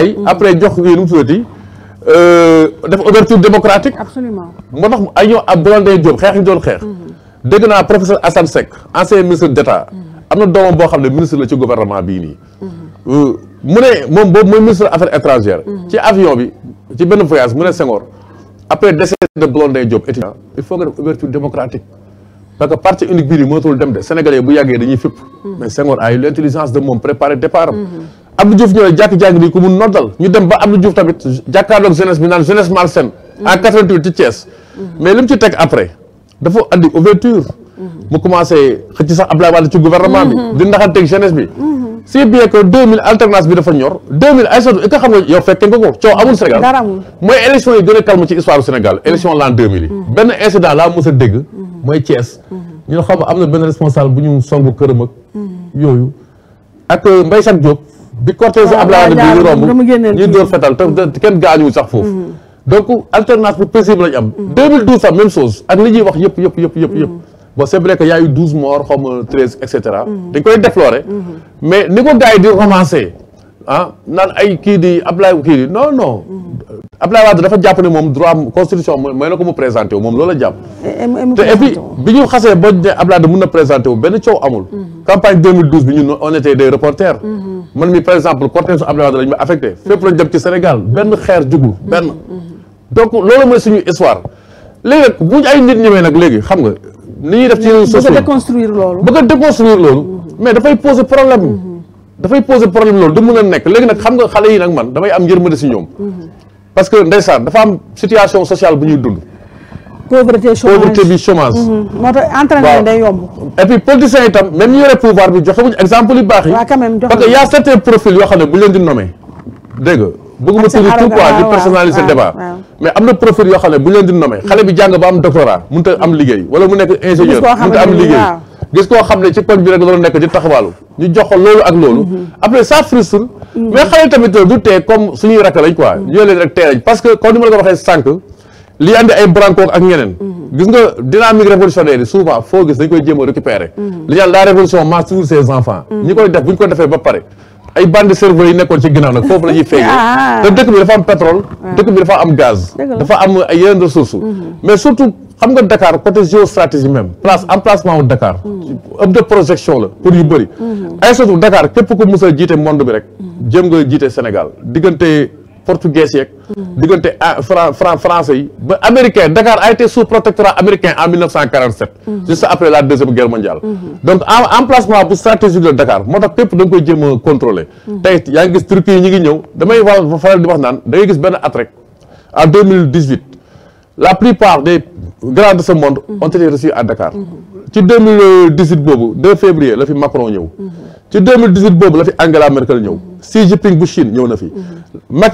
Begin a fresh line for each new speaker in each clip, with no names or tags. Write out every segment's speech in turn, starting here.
bàyyi. après jox kii nu mu tuddati euh, def ouverture démocratique. absolument moo tax ay ñoo ab Blondin Diop xeex ñu doon xeex. Mm-hmm. dégg naa professeur Assane Seck ancien ministre d' mm-hmm. am na doomam boo xam ne ministre la ci gouvernement bii nii. Mm-hmm. Euh, mu ne moom boobu mooy ministre affaires étrangères. ci avion bi ci benn voyage mu ne Senghor. après décès de Blondin Diop étudiant il faut nga def ouverture démocratique. parce que parti unique bii nii mënatul dem de Sénégalais bu yàggee dañuy de moom préparer départ Abdou Diouf ñëwee jàkk-jàng bi ku mun noddal ñu dem ba Abdou Diouf tamit jàkkaarloog jeunesse bi naan jeunesse malsaine en 88 ci Thiès mais li mu ci teg après dafa andi ouverture mu commencé xëcc sax Abdoulaye Wade ci gouvernement bi di ndaxanteeg jeunesse bi si bien que mille alternance bi dafa ñor 2000 ay sot i ka xam nga yow fekkee nga ko coow amul Sénégal mooy élection yi gën a calme ci histoire du Sénégal élection l'an 2000 yi mm-hmm. mm-hmm. mooy Thiès mm-hmm. xam nga am na benn responsable bu ñu song këram ak yooyu ak euh, Mbaye bi cortège ah, Abdoulaye Wade bi ñu romb ñuy dóor fetal te kenn gaañuwu sax foofu mm-hmm. donc alternance bu paisible am 2012 mm-hmm. sax même chose ak li ñuy wax yëpp yëpp yëpp yëpp yëpp mm-hmm. bon c' est vrai que y a eu 12 morts xaw ma 13 et koy déplorer mais ni ko gars yi di romancé ah naan ay kii di Ablaye kii di non non. Ablaye Wade dafa jàpp ne moom droit constitution mooy na ko mu présenté wu moom loola jàpp.
Eh, eh, eh, te et
bi ñu xasee ba ne Ablaye da mun na présenté wu benn coow amul. Mhm. campagne 2012 bi ñu on était des reporters. Mhm. man mi par exemple cortège su Ablaye Wade lañ ma affecté. Mhm. fépp lañ jëm ci Sénégal benn xeer jugul benn. donc loolu mooy suñu histoire léegi nag bu ay nit ñëwee nag léegi xam nga. ni ñuy def ci réseaux sociaux bëgg
a loolu. bëgg
a déconstruire mais dafay poser problème. dafay poser problème loolu du mën a nekk léegi nag xam nga xale yi nag man damay am yërmande si ñoom. Mm-hmm. parce que ndeysaan dafa am situation sociale bu ñuy dund. pauvreté chômage pauvreté bi chômage. Mm-hmm. moo tax entraînement day ñu yore pouvoir bi joxe wuñ exemple yu baax yi. waaw
quand parce que y'
a certains profils yoo xam ne bu leen di nommé dégg nga. bëgguma tudd tout quoi di personnaliser débat mais am na profil yoo xam ne bu ñu leen di nommé xale bi jàng ba am doctorat mënut a wala mu nekk ingénieur a gis koo xam ne ci poñ bi rek loolu nekk di taxawaalu ñu jox loolu ak loolu mm-hmm. après ça frustre mm-hmm. mais xale tamit du tee comme suñuy rakk lañ quoi mm-hmm. ñu leen rek tee lañ parce que comme ni ma la ko waxee sànq li andi ay branco ak ñeneen gis nga dynamique révolutionnaire yi souvent foo gis dañ koy jéem a li ñaan la révolution masse sur ses enfants ñi koy def bu ñu ko defee ba pare ay bande serveur yi nekkoon ci ginnaaw nag foofu la ñuy feegee ah. te dëkk bi dafa am pétrole dëkk bi dafa am gaz dafa am ay yeneen ressources mhm. mais surtout xam nga Dakar côté géostratégie même place mhm. emplacement wu Dakar ëpp mhm. de projection la pour yu bëri ay surtout Dakar képp ku mus a jiite monde bi rek jëm nga jiite Sénégal diggante portugais yeeg hmm. diggante ah, fran français yi ba américain Dakar a été sous protectorat américain en 1947 hmm. juste après la deuxième guerre mondiale hmm. donc emplacement bu stratégique de Dakar moo tax pépp da koy jéem a contrôler yaa ngi gis Turquie yi ñu ngi ñëw damay wa faral di wax naan da ngay gis benn at rek en 2018 la plupart des grands de ce monde ont été reçus à Dakar ci 2018 boobu 2 février la fi Macron ñëw en 2018 y la fi Angela Merkel ñëw Xi Jinping Bushin, Chine na fi.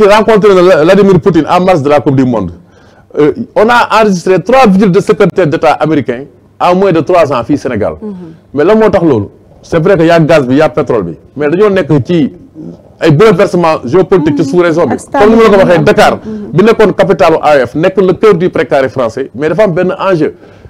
rencontré Vladimir Poutine en mars de la coupe du monde euh, on a enregistré trois visites de secrétaires d'État américains, en moins de trois ans au Sénégal. Mhm. mais la tax c'est vrai qu'il y' a gaz il y' a pétrole mais dañoo nekk ci ay bouleversement géopolitique mhm. sous raison. comme nous l'avons la Dakar. Mhm. bi e le cœur du précaire français mais dafa am un enjeu.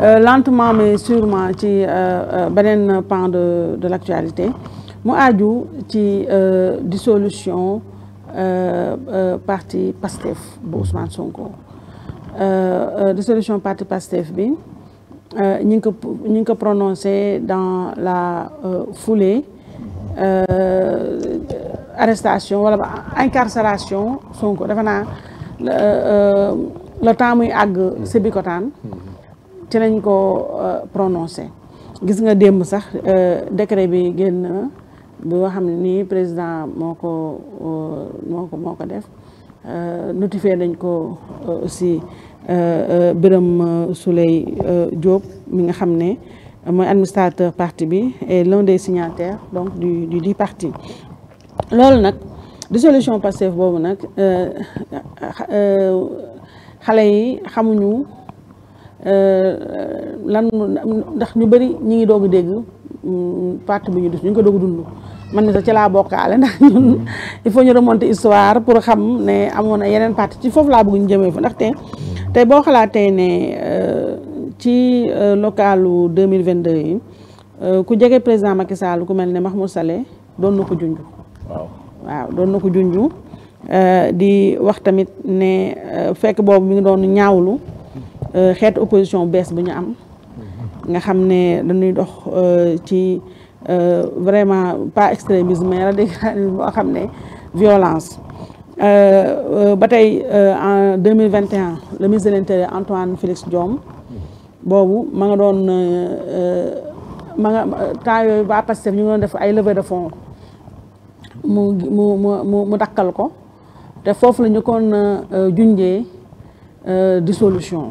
Euh, lentement mais sûrement ci un euh, euh, pan de de l'actualité, mo aju ci dissolution parti PASTEF bu Ousmane Sonko dissolution parti PASTEF bi euh, ñing ko prononcé dans la foulée arrestation wala incarcération Sonko le, que le temps muy hmm ci lañ ko euh, prononcé gis nga démb sax euh, décret bi génn bi nga xam président moo ko euh, moo ko moo ko def notifié nañ ko aussi Birame Souleye Diop mi nga xam ne mooy administrateur parti bi et l'un des signataires donc du du du parti loolu nag dissolution Pastef boobu nag xale yi xamuñu Euh, lan ndax ñu bëri ñu ngi doog dégg mm, parti bi ñu dus ñu ngi ko doog a dund man ni sax ci laa bokkaale ndax ñun mm-hmm. il faut ñu remonter histoire pour xam ne amoon na yeneen parti ci foofu laa bëgg ñu jëmee fa ndaxte mm-hmm. tey boo xalaatee ne euh, ci euh, mille vingt 2022 yi ku jege président Macky Sall ku mel ne Mahmoud Saleh doon na ko junj waaw doon na ko junj di wax tamit ne fekk boobu mi ngi doon ñaawlu Euh, xet opposition bees bu ñu am nga xamné dañuy dox euh, ci euh, vraiment pas extrémisme mais radicalisme bo xamné violence euh batay en 2021 le ministre de l'intérieur Antoine Félix Diom bobu ma nga doon ma nga temps yooyu waa Pastef ñu ngi doon def ay levée de fonds mu mu mu mu dakkal ko té fofu la ñu kon junjee dissolution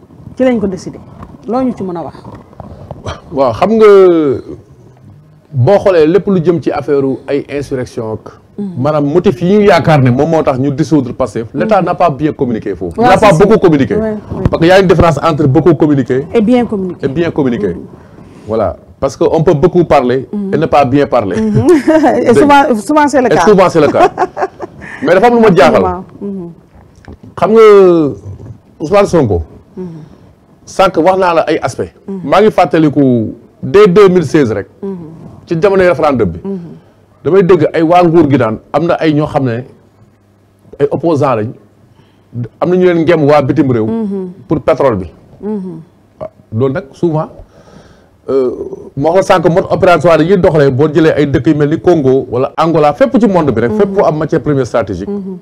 ci lañ ko décidé loo ñu ci mëna wax.
waaw xam nga bo xolé lepp lu jëm ci affaire ay insurrection ak. Mm. motif yi ñu yaakaar ne moom moo tax ñu dissoudre passé mm. l'état n'a pas bien communiqué Il n'a pas beaucoup communiqué. parce qu'il y a une différence entre beaucoup communiqué.
et bien communiqué
et bien communiqué. Mm. voilà parce que on peut beaucoup parler. et ne pas bien parler.
Mm-hmm. et souvent c'est le cas et souvent c'est
le cas mais dafa am lu ma jaaxal. Mm-hmm. xam nga Ousmane Sonko. Mm-hmm. sànq wax naa la ay aspect maa ngi fàttaliku mille 2016 rek. ci jamonoy référendum bi. damay dégg ay waa nguur gi daan am na ay ñoo xam ne ay opposants lañ am na ñu leen ngem waa bitim réew. pour pétrole bi. waaw loolu nag souvent euh, moo la sànq mode opératoire yi doxalee boo jëlee ay dëkk yu mel ni Congo wala Angola fépp ci monde bi rek. fépp foo am matière première stratégique. Mm-hmm.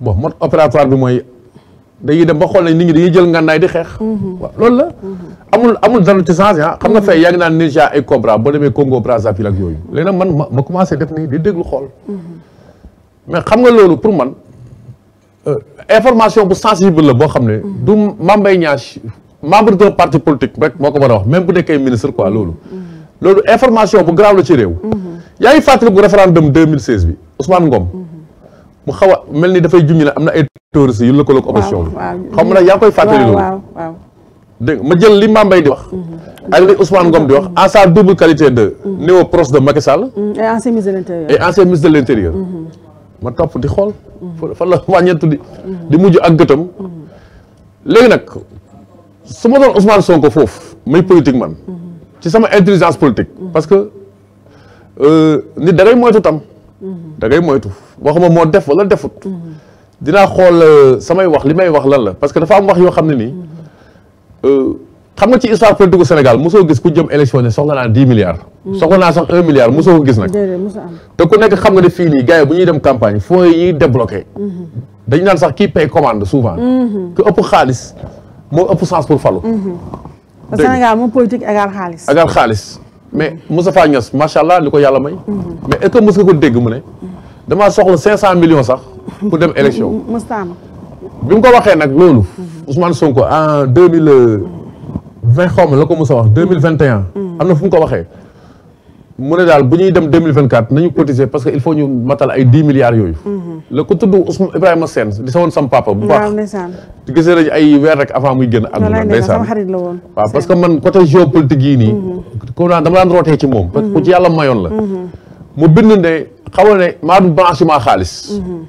bon mode opératoire bi mooy. day dem ba xol nañ nit ñi dañuy jël ngànnaay di xex mhm. waaw loolu la. amul amul dara ci changé ah. xam nga mhm. fee yaa naan Niger ay Cobra boo demee Congo Brazzaville ak man ma commencé def di déglu xool. Mhm. mais xam nga loolu pour man euh, information bu sensible la boo xam du Mame Mbaye membre d'un parti politique rek moo ko wax même bu nekkee ministre quoi loolu. loolu information bu grave la ci réew. référendum 2016 bi Ousmane Ngom mu xawa melni da fay dafay amna ne am na ay touristes yu lëkkaloog opposition
bi xam na yakoy fatali lu loolu
ma jël li mambay di wax mhm. ak li Ousmane gom di wax en sa double qualité de mhm. néo proche de Macky Sall mhm,
et ancien ministre de l'intérieur et ancien
ministre de l'intérieur ma top di xol fa la wàññeentu tudi di muju ak gëtam léegi nak suma don Ousmane Sonko fof may politique man ci sama intelligence politique parce que euh, nit da ngay moytu tam Mm-hmm. da ngay moytu waxuma moo def wala defut. Mm-hmm. dinaa xool euh, samay wax li may wax lan la parce que dafa am wax yoo xam ne nii. Mm-hmm. Euh, xam nga ci histoire politique Sénégal mosoo gis ku jëm élection ne soxla naa dix milliards. soxla naa sax un milliard mosoo ko gis nag. te ku nekk xam nga ne fii nii gars bu ñuy dem campagne foo yi débloqué. dañu naan sax kii paye commande souvent. ku ëpp xaalis moo ëpp chance pour falu. Sénégal
moom politique agar
xaalis. mais Moustapha Niass macha allah ni ko yàlla may. mais est-ce ko dégg mu ne. damaa soxla cinq cent millions sax. pour dem élection. bi mu ko waxee nag loolu. Ousmane Sonko en deux mille vingt xaw ma la ko mos a wax deux mille vingt et am na fu mu ko waxee. mu ne daal bu ñuy dem 2024 nañu cotiser parce que il faut ñu matal ay 10 milliards yooyu. la ko tudd Ousmane Ibrahima Sène di sa woon sam papa. bu baax di gisee nañu ay weer rek avant muy génn àdduna. ndeysaan waaw parce que man côté géopolitique yii nii. Mhm. ko la. Mhm. mu bind ne xaw maa du blanchiment xaalis. Mhm.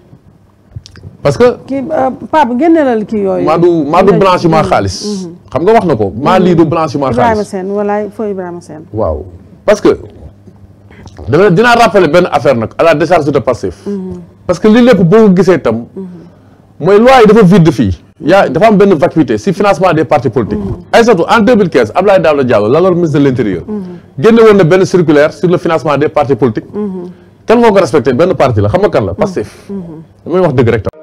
parce que
kii euh, génne na kii yooyu. maa du maa
xaalis. xam nga wax na ko maa lii du blanchiment xaalis
Ibrahima Sène
walaay waaw parce que. Je vais rappeler benn affaire à la décharge de passifs, parce que li lépp boo ko gisee itam de loi vacuité si financement des partis politiques en 2015 Abdoulaye Daouda Diallo ministre de l'intérieur circulaire sur le financement des partis politiques tellement que ko respecté benn parti la xam nga kan la